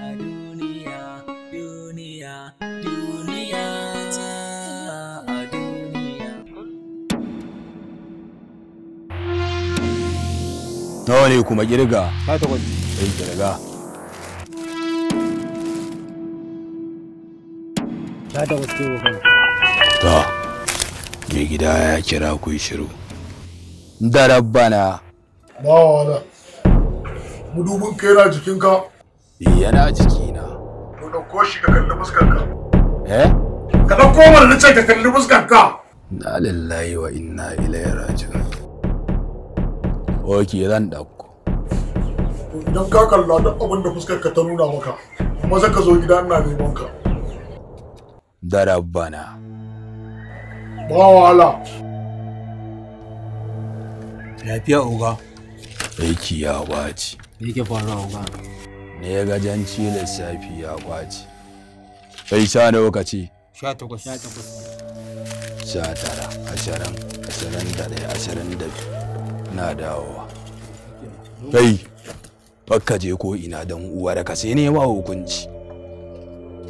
a duniya duniya duniya a duniya nawa ne kuma kirga ka takwas sai kirga ta mai gida ya kira ku shiru da na. ba wala mudubin kera jikinka Eh, yana jikina to ko shi ka kalli fuskarka eh ka dauko mana na ce ka kalli fuskarka na lillahi wa inna ilaihi raji'un ok zan ɗauko. idan ka kalla da abin da fuskarka ta nuna maka za ka zo gida ina neman ka da rabbana ba wahala lafiya oga aiki ya wace me yake faruwa oga ne ya gajanci lissafi ya kwaci kai sha lokaci sha takwas sha takwas sha tara ashirin ashirin da ɗaya ashirin da biyu na dawowa kai bakka je ko ina don da ka sai ne wa hukunci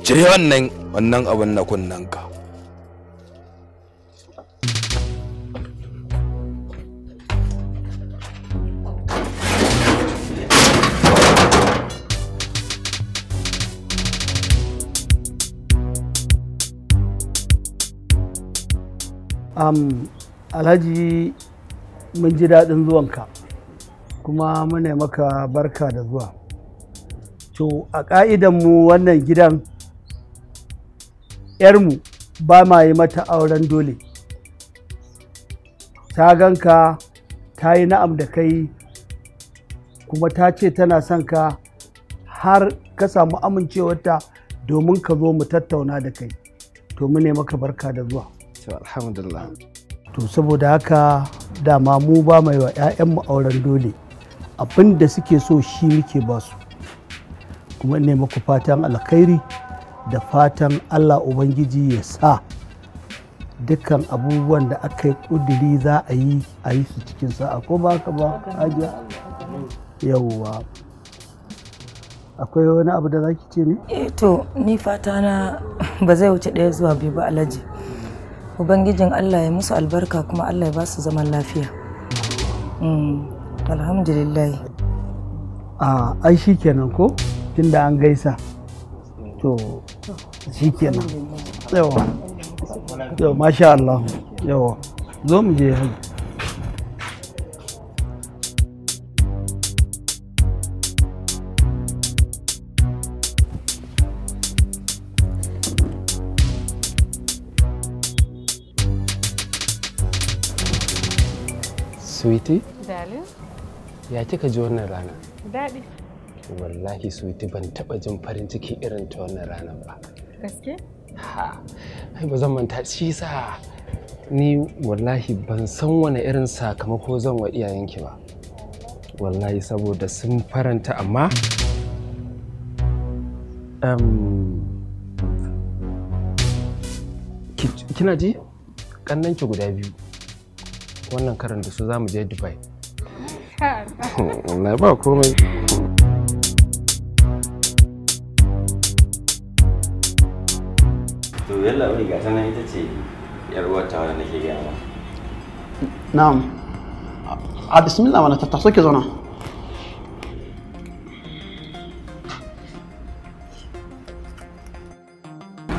cire wannan wannan abin na kunnen ka um, alhaji mun ji daɗin zuwanka kuma muna maka barka da zuwa to a ƙa'idanmu wannan gidan 'yarmu ba ma yi mata auren dole ta ganka ta yi na'am da kai kuma ta ce tana son ka har ka samu amincewarta domin ka zo mu tattauna da kai to mu ne maka barka da zuwa lafiya alhamdulillah to saboda haka dama mu ba mai wa mu auren dole abin da suke so shi muke ba su kuma ne muku fatan alkhairi da fatan allah ubangiji ya sa dukkan abubuwan da aka yi ƙudiri za a yi a yi su cikin sa'a ko ba ka ba hajiya yawwa akwai wani abu da za ki ce ne? Eh to ni fata na ba zai wuce ɗaya zuwa biyu ba alaji ubangijin allah ya musu albarka kuma allah ya ba su zaman lafiya mm, alhamdulillah a ai shi kenan ko tunda an gaisa to shi kenan yawa yawa masha allah yawa zo mu je Sweetie? Darling? Ya kika ji wannan rana? Daɗi. Wallahi Sweetie ban taɓa jin farin ciki irin ta wannan rana ba. Gaske? Ha, ai ba zan manta shi sa ni wallahi ban san wani irin sakamako zan wa iyayenki ba. Wallahi saboda sun faranta amma? kina ji? Kannanki guda biyu. wannan karin da su za mu je dubai na ba komai to yalla bai gata nan ita ce yar ta wadda nake gaya ma na'am a bismillah mana ta soke zauna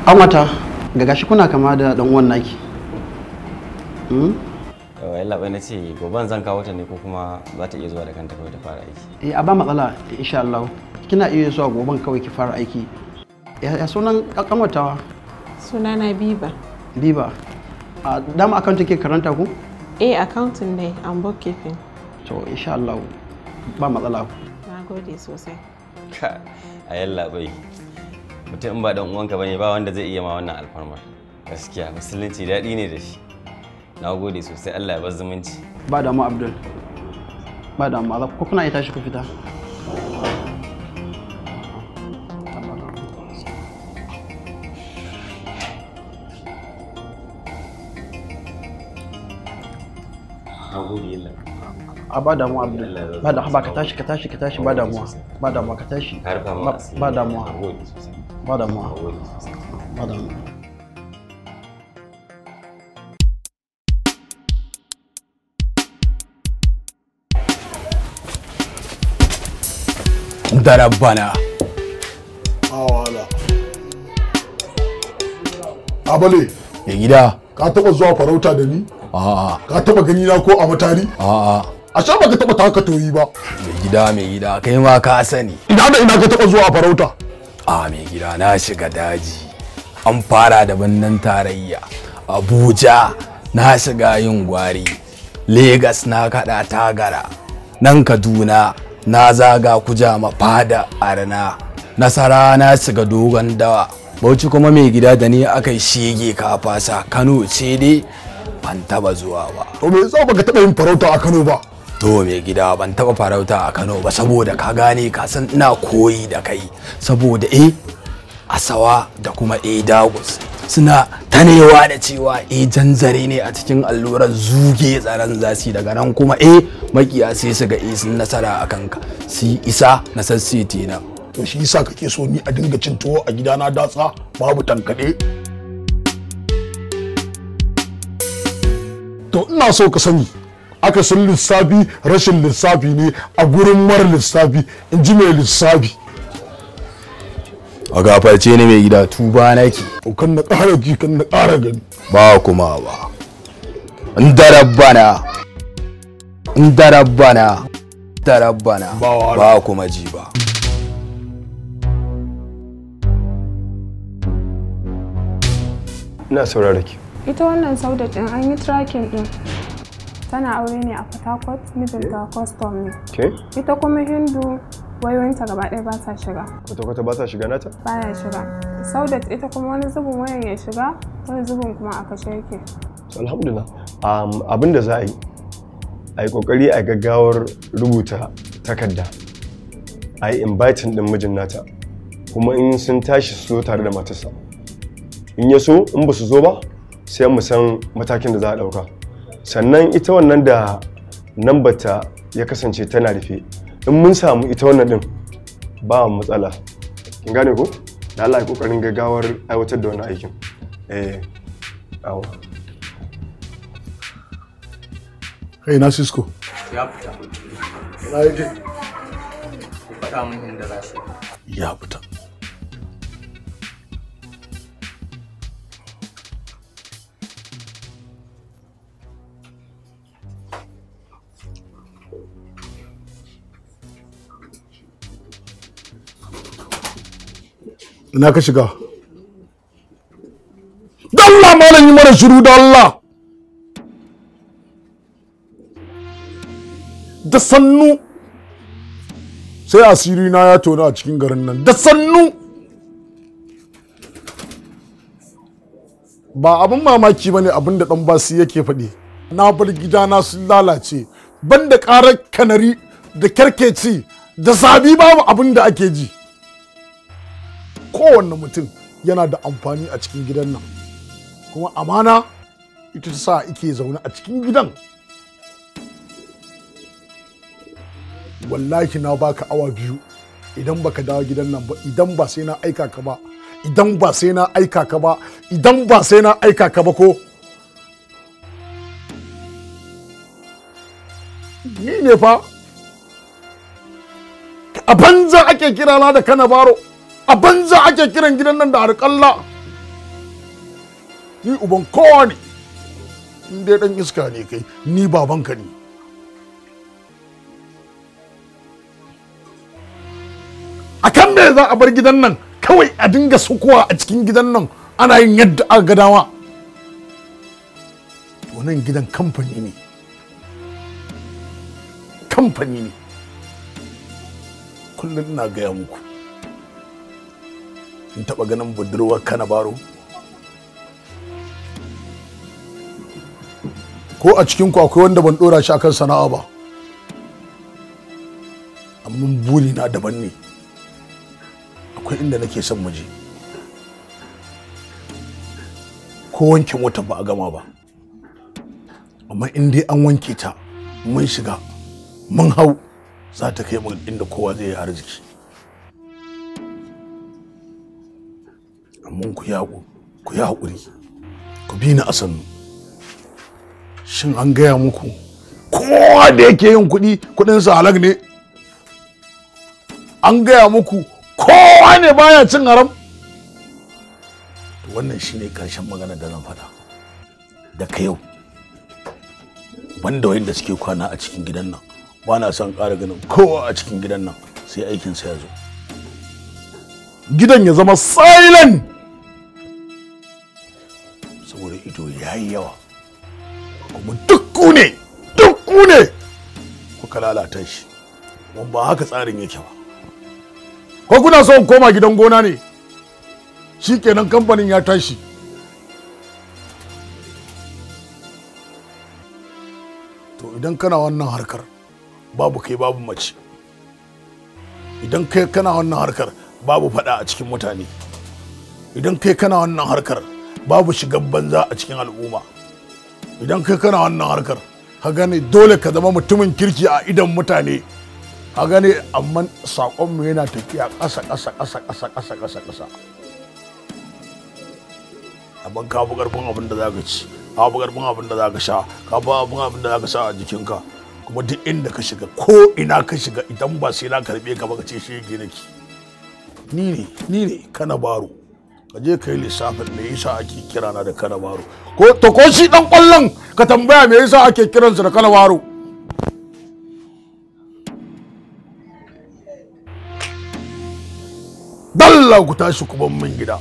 an wata ga gashi kuna kama da dan uwan naki hmm? labai na ce goban zan kawo ta ne ko kuma za ta iya zuwa da kanta kawai ta fara aiki eh a ba matsala insha Allah kina iya zuwa goban kawai ki fara aiki ya sunan suna na biba biba a dama accounting ke karanta ku eh accounting ne and bookkeeping to insha Allah ba matsala na gode sosai ka a yalla bai mutum ba dan uwanka bane ba wanda zai iya ma wannan alfarma. gaskiya musulunci daɗi ne da shi na gode sosai Allah ya bar zumunci ba damu abdul ba damu azab ko kuna ya tashi ku fita a ba damuwa abdul ba da ka tashi ka tashi ka tashi ba damuwa ba damuwa ka tashi ba damuwa ba damuwa ba damuwa dara bana. Ah, abale ya gida ka taba zuwa farauta da ni a'a ka taba gani na ko a matari a'a a sha baka taba taka toyi ba mai gida mai gida kai ma ka sani ina da ina ka taba zuwa farauta a mai gida na shiga daji an fara da birnin tarayya abuja na shiga yin gwari Legas na kaɗa tagara nan kaduna na zaga mafada a rana. nasara na shiga dogon dawa bauchi kuma mai gida da ni aka shege kafasa? kano ce dai ban taba zuwa ba to me yasa baka taba yin farauta a kano ba to mai gida ban taba farauta a kano ba saboda ka gane ka san ina koyi da kai saboda eh asawa da kuma eh dagus suna tanewa da cewa e eh, janzare ne a cikin allurar zuge tsaron zasi daga nan kuma e makiya sai su ga e sun nasara a kanka si isa na sassiti na to shi yasa kake so ni a dinga cin tuwo a gidana datsa babu tankade to ina so ka sani aka san lissafi rashin lissafi ne a gurin mara lissafi in ji mai lissafi a gafarce ne mai gida tuba naki kan na ƙara ji kan na ƙara gani ba kuma ba in darabbana in darabbana darabbana ba kuma ji ba ina saurara ki ita wannan sauda din an yi tracking din tana aure ne a Port Harcourt mijinta custom ne ita kuma Hindu wayoyinta gaba ɗaya ba sa shiga kwata-kwata ba sa shiga nata ba ya shiga saudat ita kuma wani zubin wayan ya shiga wani zubin kuma a kashe yake alhamdulillah um, abin da za a yi a yi ƙoƙari a gaggawar rubuta takarda a yi inviting ɗin mijin nata kuma in sun tashi su zo tare da matarsa in ya so in ba su zo ba sai mu san matakin da za a ɗauka sannan ita wannan da nambata ya kasance tana rufe in mun samu ita wannan din ba matsala kin gane ko da Allah ya kokarin gaggawar aiwatar da wannan aikin eh awo kai na Cisco ya fita na yi faɗa mun inda za su ya fita ina ka shiga da la malam yi mara shiru da Allah da sannu sai asiri na ya tona a cikin garin nan da sannu ba abin mamaki ba ne abin da ɗan basi yake faɗi na bar gidana sun lalace banda ƙarar kanari da kyarkeci da sabi babu abin da ake ji kowanne mutum yana da amfani a cikin gidan nan kuma amana ita ta sa ike zaune a cikin gidan Wallaki na baka awa biyu idan baka dawo gidan nan ba idan ba sai na aika ka ba idan ba sai na aika ka ba idan ba sai na aika ka ba ko ni ne fa a banza ake kirana da kana baro a banza ake kiran gidan nan da harƙalla ni uban kowa ne in dai iska ne kai ni babanka ne a kan me za a bar gidan nan kawai a dinga sukuwa a cikin gidan nan ana yin yadda aka ga dama wannan gidan kamfani ne kamfani ne kullum ina gaya muku in taba ganin budurwar kana baro ko a cikin akwai wanda ban dora shi akan sana'a ba amma buri na daban ne akwai inda nake son muje ko wanke wata ba a gama ba amma in dai an wanke ta mun shiga mun hau za ta kai mu inda kowa zai yi arziki amma ku ya ku ya haƙuri ku bi ni a sannu shin an gaya muku kowa da yake yin kuɗi kuɗinsa halag ne an gaya muku kowa ne baya cin haram wannan shine ƙarshen magana da zan faɗa daga yau banda wayanda suke kwana a cikin gidan nan ba na son ƙara ganin kowa a cikin gidan nan sai aikinsa ya zo gidan ya zama silent ido ya yi yawa kuma duk ne duk ne kuka lalata shi mun ba haka tsarin yake ba ko kuna so in koma gidan gona ne shi kenan kamfanin ya tashi to idan kana wannan harkar babu kai babu mace idan kai kana wannan harkar babu fada a cikin mutane idan kai kana wannan harkar babu shigar banza a cikin al'umma idan kai kana wannan harkar ka gane dole ka zama mutumin kirki a idan mutane ka gane amma saƙonmu yana tafiya ƙasa ƙasa ƙasa ƙasa ƙasa ƙasa ƙasa abin ka bu ƙarfin abin da za ka ci ka bu ƙarfin abin da za ka sha ka bu abin abin da za ka sa a jikinka kuma duk inda ka shiga ko ina ka shiga idan ba sai na karɓe ka ba ka ce shi nake ni ne ni ne kana baro ka je ka yi lissafin me yasa ake kira na da kanawaro ko to ko shi dan kwallon ka tambaya me yasa ake kiransa da kanawaro dalla ku tashi kuban min gida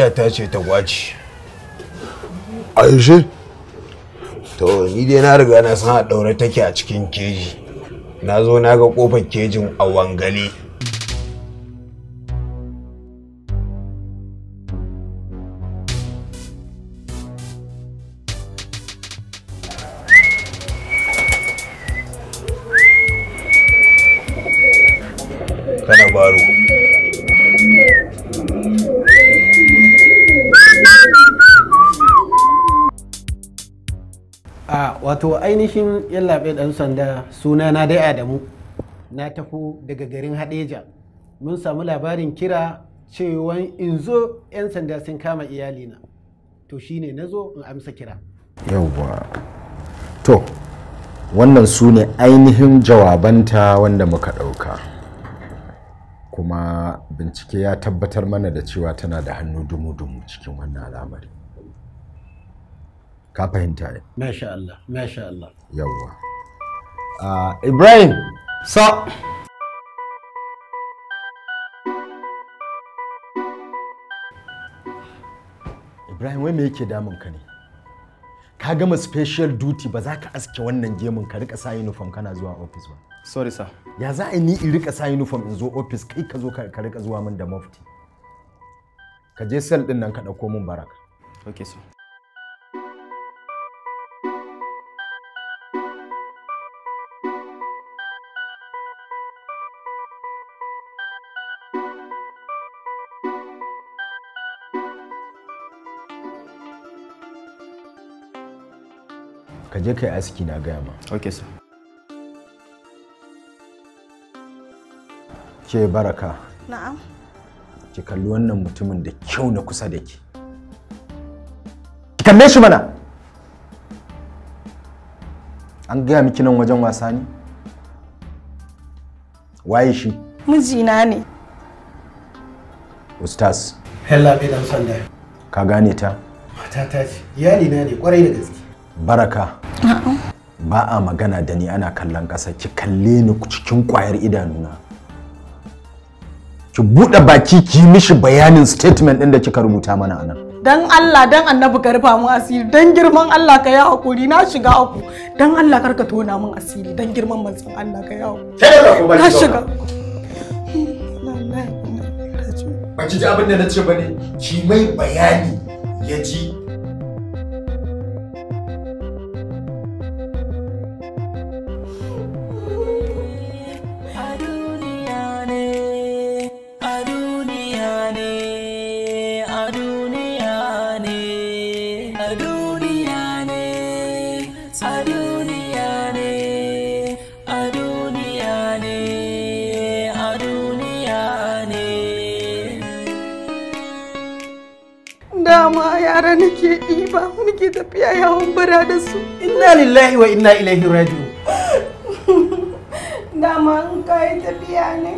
akuya ta ce ta gwaci aishe to ni dai na riga na san a daure take a cikin keji na zo na ga kofar kejin a wangale sarkin yallaɓe ɗan sanda suna na dai adamu na tafi daga garin hadeja mun samu labarin kira cewa in zo 'yan sanda sun kama iyalina to shine na zo in amsa kira yawwa to wannan su ne ainihin jawabanta wanda muka ɗauka kuma bincike ya tabbatar mana da cewa tana da hannu dumu-dumu cikin wannan al'amari ka fahimta ne masha Allah masha Allah yawwa ah, Ibrahim sa Ibrahim wai me yake damun ka ne ka gama special duty ba za ka aske wannan gemun ka rika sa uniform kana zuwa office ba sorry sir ya za a ni in rika sa uniform in zo office kai ka zo ka rika zuwa min da mafti ka je sel din nan ka dauko min baraka okay sir je kai aski na gaya ma okay sir ke baraka na'am ki kalli wannan mutumin da kyau na kusa da ki ki kalle shi mana an gaya miki nan wajen wasa ne waye shi mijina ne ustaz hella bai dan sanda ka gane ta mata ta ce iyali na ne kwarai da gaske baraka ba a magana da ni ana kallon ƙasa ki kalle ni cikin ƙwayar idanuna ki buɗe baki ki mishi bayanin statement ɗin da kika rubuta mana nan. dan Allah dan annabi ka rufa mun asiri dan girman Allah ka yi hakuri na shiga uku dan Allah kar ka tona mun asiri dan girman manzon Allah ka yi hakuri hmm, na shiga ba ci ji abin da na ce bane ki mai bayani ya ji a duniya ne a duniya ne a duniya ne dama yara nake ɗiba nake tafiya yawon bara da su inna lillahi wa inna ilaihi raji'un dama in ka yi tafiya ne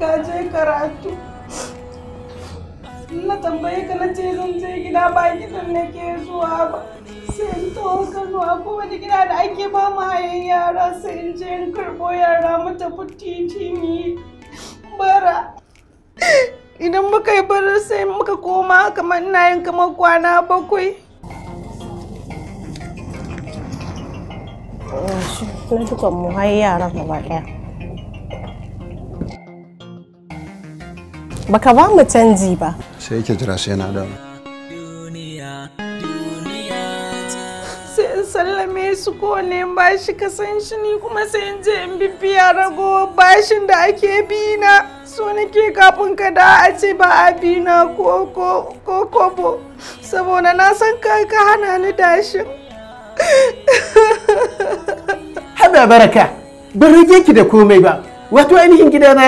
ka je karatu na tambaye ka na ce zan je gida ba gidan nake zuwa ba sai in taho Kano akwai wani gida da ake ba mu hayan yara sai in je in karɓo yara mu tafi titi mu bara. Idan muka yi bara sai muka koma kamar ina yin kamar kwana bakwai. Sun dukan mu har yara gaba ɗaya. Baka ba mu canji ba. Sai yake jira sai na dawo. sallame su ko ne bashi ka san shi ni kuma sai in je in bibiya rago bashin da ake bi na so nake kafin ka da a ce ba a bi na ko ko ko kobo saboda na san ka ka hana ni dashin haɗa baraka ban rage ki da komai ba wato ainihin gidana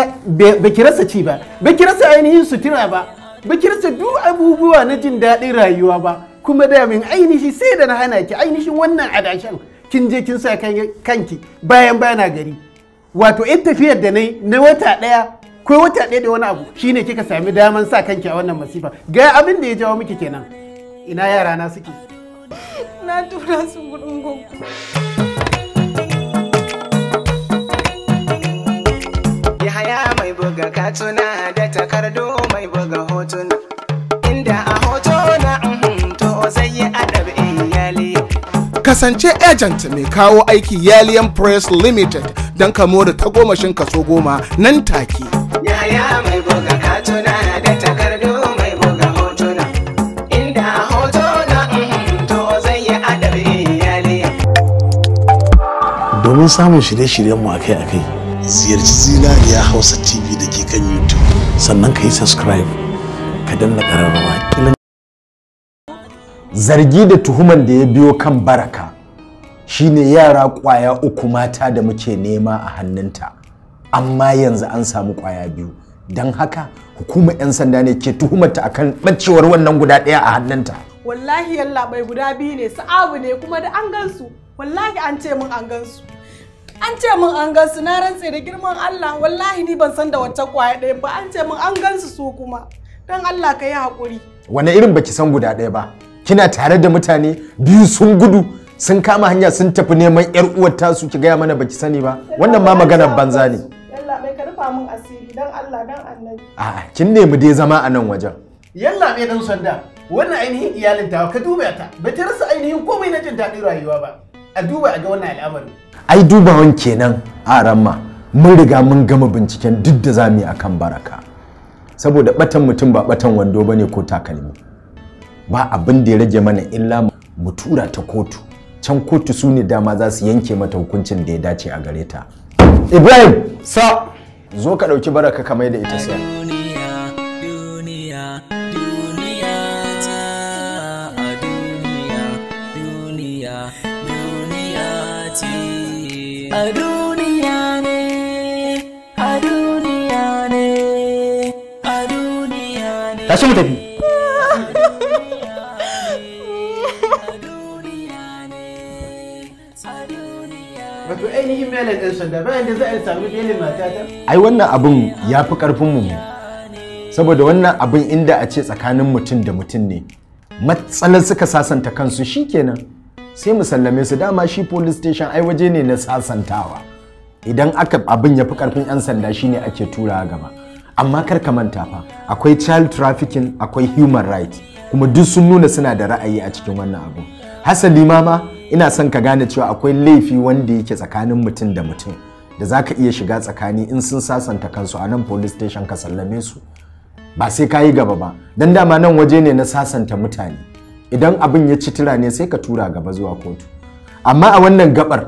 ba ki rasa ci ba ba ki rasa ainihin sutura ba ba ki rasa duk abubuwa na jin daɗin rayuwa ba kuma da min ainihi sai da na hana ki ainihin wannan adashin. kin je kin sa kanki bayan bana gari wato in tafiyar da nai na wata daya ko wata daya da wani abu shine kika sami daman sa kanki a wannan masifa ga abin da ya jawo miki kenan ina yara na suke na tura su gudun Yahaya mai buga katuna da takardu mai buga hotuna kasance agent mai kawo aiki yaliyan press limited don kamo da tagomashin kaso goma nan take yaya mai buga katuna da takardu mai buga hotuna inda hoto mm, to zai yi adabi domin samun shirye-shiryen mu akai-akai ziyarci zinariya hausa tv da ke kan youtube sannan ka yi subscribe ka danna ƙararrawa zargi da tuhuman da ya biyo kan baraka shine yara kwaya uku mata da muke nema a hannunta amma yanzu an samu kwaya biyu don haka hukumar 'yan sanda ne ke tuhumarta akan ɓacewar wannan guda ɗaya a hannunta wallahi yalla bai guda biyu ne sa'abu ne kuma da an gansu wallahi an ce mun an gansu an ce mun an gansu na rantse da girman Allah wallahi ni ban san da wancan kwaya ɗaya ba an ce mun an gansu su kuma dan Allah ka yi haƙuri wani irin baki san guda ɗaya ba kina tare da mutane biyu sun gudu sun kama hanya sun tafi neman yar uwar tasu ki gaya mana baki sani ba wannan ma magana banza ne ka mun asiri. Dan dan Allah, a'a kin nemi dai zama a nan wajen yalla mai dan sanda wannan ainihin iyalin ta ka duba ta ba ta rasa ainihin komai na jin daɗin rayuwa ba a duba a ga wannan al'amarin ai dubawan kenan a ramma mun riga mun gama binciken duk da zamu yi akan baraka saboda batan mutum ba batan wando bane ko takalmi ba abin da ya rage mana illa mu tura ta kotu can kotu su ne dama za su yanke mata hukuncin da ya dace a gare ta ibrahim sa zo ka ɗauki baraka kamar da ita sai A ne, a ne, a ne. Tashi mu tafi. wato ainihin ɗan sanda bayan da za a belin matata ai wannan abin ya fi ƙarfin mu saboda wannan abin inda a ce tsakanin mutum da mutum ne matsalar suka sasanta kansu shi kenan, sai mu sallame su dama shi police station ai waje ne na sasantawa idan aka abin ya fi ƙarfin 'yan sanda ne ake tura gaba amma kar ka manta fa akwai child trafficking akwai human rights kuma duk sun nuna suna da ra'ayi a cikin wannan abun. hasali ma ma ina son ka gane cewa akwai laifi wanda yake tsakanin mutum da mutum da za ka iya shiga tsakani in sun sasanta kansu a nan police station ka sallame su ba sai ka yi gaba ba don dama nan waje ne na sasanta mutane idan abin ya ci tura ne sai ka tura gaba zuwa kotu amma a wannan gabar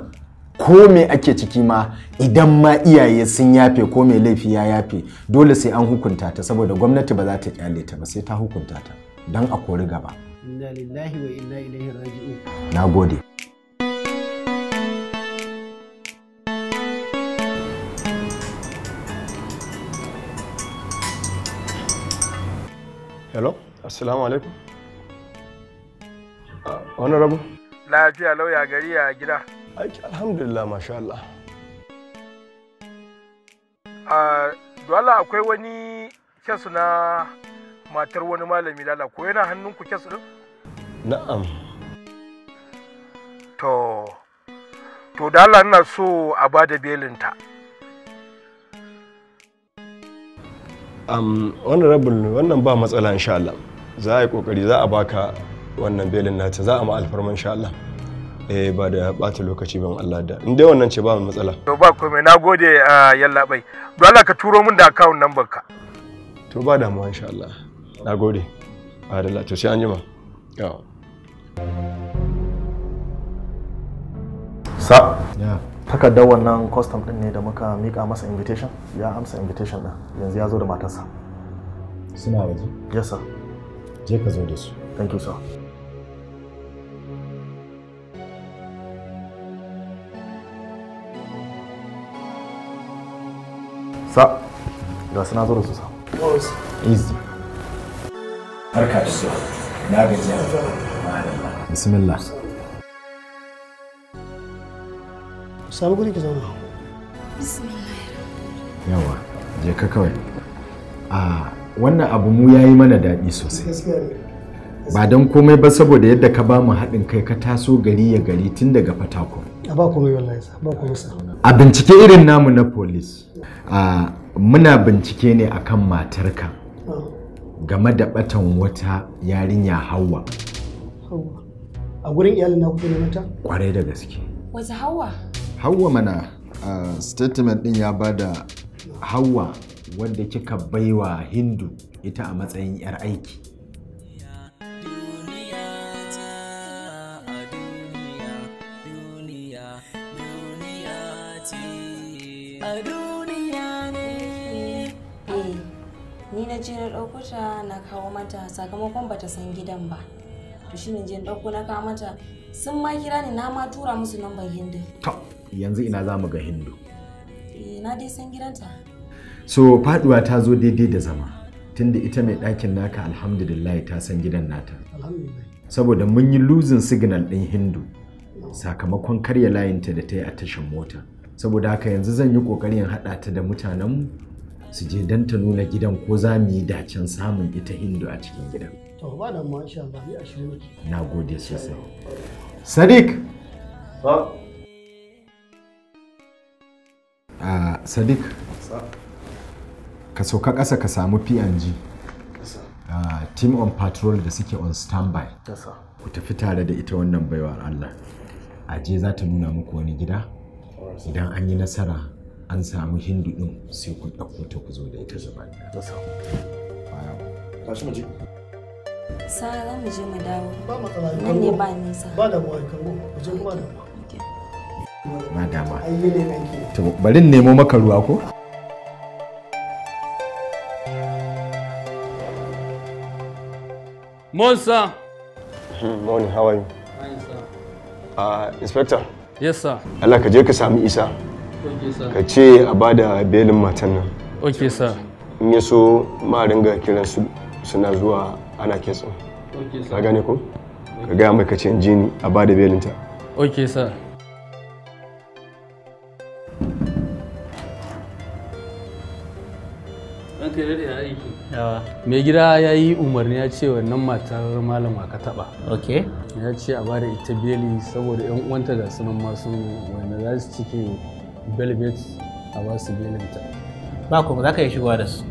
ko me ake ciki ma idan ma iyaye sun yafe ko me laifi ya yafe dole sai an hukunta ta saboda gwamnati ba za ta kyale ta ba sai ta hukunta ta don a kori gaba. inna lillahi wa inna ilaihi raji'un na gode hello assalamu alaikum wani rabu lafiya lauya gari a gida aiki alhamdulillah masha Allah ah, dole akwai wani kesu na matar wani malami lala ko yana hannun ku kes din na'am to to da Allah ina so a ba da belinta um, honorable wannan ba matsala insha Allah za a yi kokari za a baka wannan belin nata za a ma alfarma insha Allah eh ba da bata lokaci ban Allah da in dai wannan ce ba mu matsala to ba komai nagode ah, yalla bai. don Allah ka turo min da account number ka to ba damuwa insha Allah na gode adalla to sai an jima sa takardar wannan custom din ne da muka mika masa invitation ya amsa invitation din yanzu ya zo da matarsa suna waje yes sir je ka zo da su thank you sir sa ga suna zo da su sa easy barka da su na gajiya bismillah samu guri ki zama bismillah yawa je ka kawai a wannan abu mu yayi mana daɗi sosai ba don komai ba saboda yadda ka ba mu haɗin kai ka taso gari ya gari tun daga fatako ba komai wallahi ba komai sa a bincike irin namu na police muna bincike ne akan matarka game da batan wata yarinya hawa hawa a gurin iyalin na kuke neman kwarai da gaske wata hawa hawa mana uh, statement din ya bada hawa wanda kika baiwa hindu ita a matsayin 'yar aiki na je na ɗauko ta na kawo mata sakamakon bata san gidan ba to shine je na ɗauko na kawo mata sun ma kira ni na ma tura musu lambar hindu to yanzu ina za mu ga hindu eh na dai san gidanta so faduwa ta zo daidai da zama tunda ita mai ɗakin naka alhamdulillah ta san gidan nata saboda mun yi losing signal ɗin hindu sakamakon karya layinta da ta yi a tashin mota saboda haka yanzu zan yi ƙoƙarin haɗa ta da mutanenmu su je don ta nuna gidan ko za mu yi dacen samun ita hindu a cikin gidan. Na gode sosai. Sadiq. Ba. Ah, Sadiq. Ka sauka ƙasa ka samu png Uh, ah, team on patrol da suke on standby. Ku tafi tare da ita wannan baiwar Allah. Aje za ta nuna muku wani gida. Idan an yi nasara an samu hindu ɗin sai ku ɗauko ta ku zo da ita zuba ɗaya. Sara za mu je mu dawo. Ba matsala. Nan ne ba nisa. Ba da mu je kuma da Ba dama. To bari nemo maka ruwa ko? Monsa. Morning, how are you? Fine, sir. Uh, Inspector. Yes, sir. Allah ka je ka sami Isa. ka ce a ba da belin matan nan ok sa in yi so ma ringa kiran su suna zuwa ana kitsin ka gane ko ka gaya mai ka ce in ji ni a ba da belinta ok sa mai gida ya yi umarni ya ce wannan matar malama ka taba ya ce a bada ita beli saboda yan uwanta ga sunan masu wani za su cike velvet a wasu belinta ba kuma za ka yi shigowa da su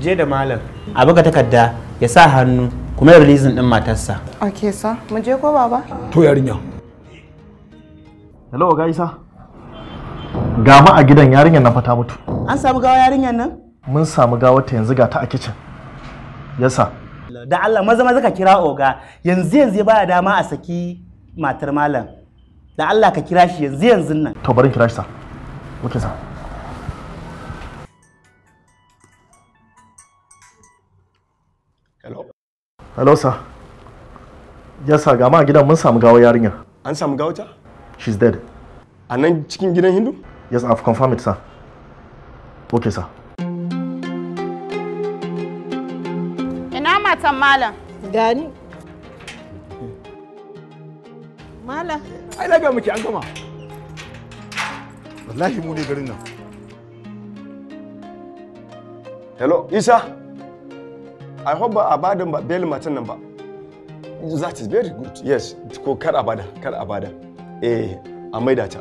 ki je da malam a buga takarda ya sa hannu kuma ya rilizin din matarsa ok sa mu je ko baba to yarinya hello ga isa ga ma a gidan yarinyar nan fa ta mutu an samu gawa yarinyar nan mun samu gawar ta yanzu ga ta a kitchen yasa da Allah maza maza ka kira oga yanzu yanzu ba dama a saki matar malam da Allah ka kira shi yanzu yanzu nan to bari kira shi sa wuce sa hello sir yes sir ga ma gidan mun samu gawo yarinya an samu gawo ta she's dead a nan cikin gidan hindu yes i've confirmed it sir okay sir ina matan malam gani malam ai laga muke an gama wallahi mu ne garin nan hello isa I hope ba a bada belin matan nan ba. That is very good. Yes, ko kar a bada, kar a bada. Eh, a maida ta.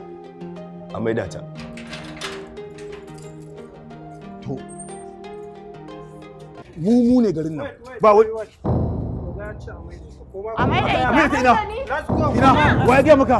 A maida ta. To. Mu mu ne garin nan. Ba wai. A maida ta. Ina. Ina. Wai ga maka?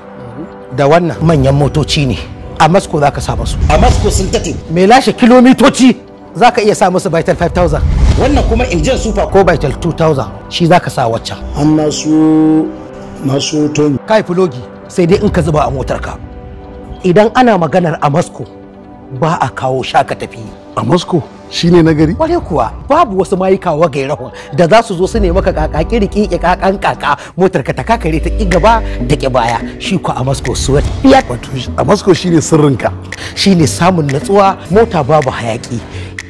da wannan manyan motoci ne a masko za ka sa masu a masko tate. mai lashe kilomitoci za ka iya sa musu vital 5000 wannan kuma injin super ko vital 2000 shi za ka sa waccan an masu masu toni kai fulogi sai dai in ka zuba a motarka idan ana maganar a masko ba a kawo shaka tafi a masko shine na gari kware kuwa babu wasu mayuka wa gairahun da za su zo su nemi ka kaka kiri kiki kakan kaka motar ka ta kakare ta ki gaba da ki baya shi ku a Moscow suwat wato a Moscow shine sirrinka shine samun natsuwa mota babu hayaki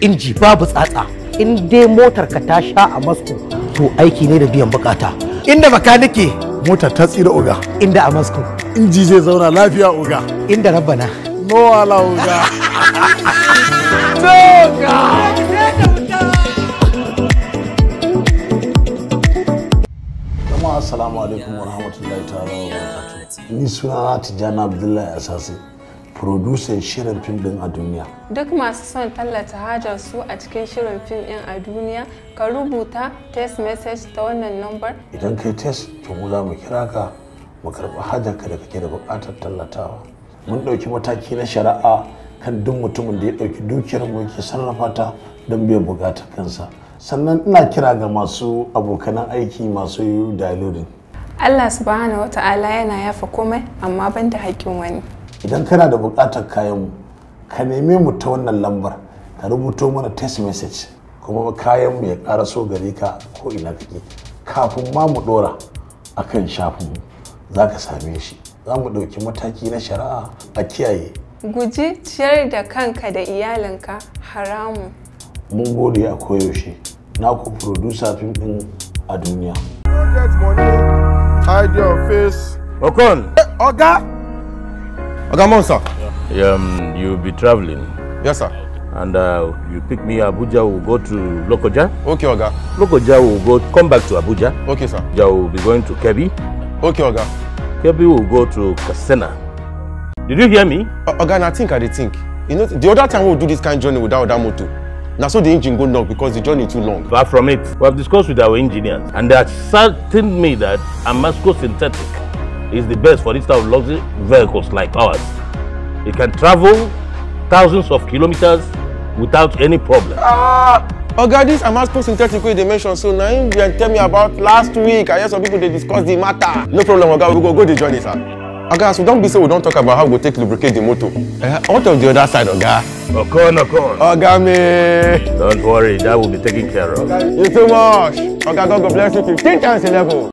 inji babu tsatsa in dai motar ka ta sha a Moscow to aiki ne da biyan bukata inda nake mota ta tsira oga inda a Moscow inji zai zauna lafiya oga inda rabbana no ala oga no, assalamu alaikum wa rahmatullahi ta'ala wa Ni Tijjani Abdullahi Asasi. Producer shirin fim din a duniya. Duk masu son tallata hajar su a cikin shirin fim din a duniya, ka rubuta test message ta wannan lambar. Idan kai test, to mu za mu kira ka mu karɓi ka da kake da buƙatar tallatawa. Mun ɗauki mataki na shari'a kan duk mutumin da ya ɗauki dukiyar mu yake sarrafa ta don biyan bukatar kansa sannan ina kira ga masu abokan aiki masu yi dalilin Allah subhanahu wata'ala yana yafa komai amma ban da haƙƙin wani idan kana da buƙatar kayan mu ka neme mu ta wannan lambar ka rubuto mana text message kuma kayan mu ya ƙara so gare ka ko ina kake kafin ma mu ɗora akan shafin mu za ka same shi za mu ɗauki mataki na shari'a a kiyaye guji ciyar da kanka da iyalinka haramun mun gode a koyaushe na ku producer fim din a duniya hide your face okon eh, oga oga monsa yeah. um, you be traveling yes sir and uh, you pick me Abuja, we'll go to Lokoja. Okay, Oga. Lokoja will go, come back to Abuja. Okay, sir. Ja will be going to Kebi. Okay, Oga. Kebi will go to Kasena. Did you hear me? Oga, I think I dey think. You know, the other time we do this kind of journey without that motor, now so the engine go knock because the journey too long. Far from it, we have discussed with our engineers and they ascertained me that Amasco synthetic is the best for this type of luxury vehicles like ours. It can travel thousands of kilometers without any problem. Ah! Oga, this Amasco synthetic wey you mentioned, so now him you tell me about last week. I hear some people they discuss the matter. No problem, Oga, we go go the journey, sir. Oga, so don't be say we don't talk about how we take lubricate the motor. Uh, what of the other side, Oga? Okon, oh, Okon. Oga, me. Don't worry, that will be taken care of. You too much. Oga, God bless you 15 times 11.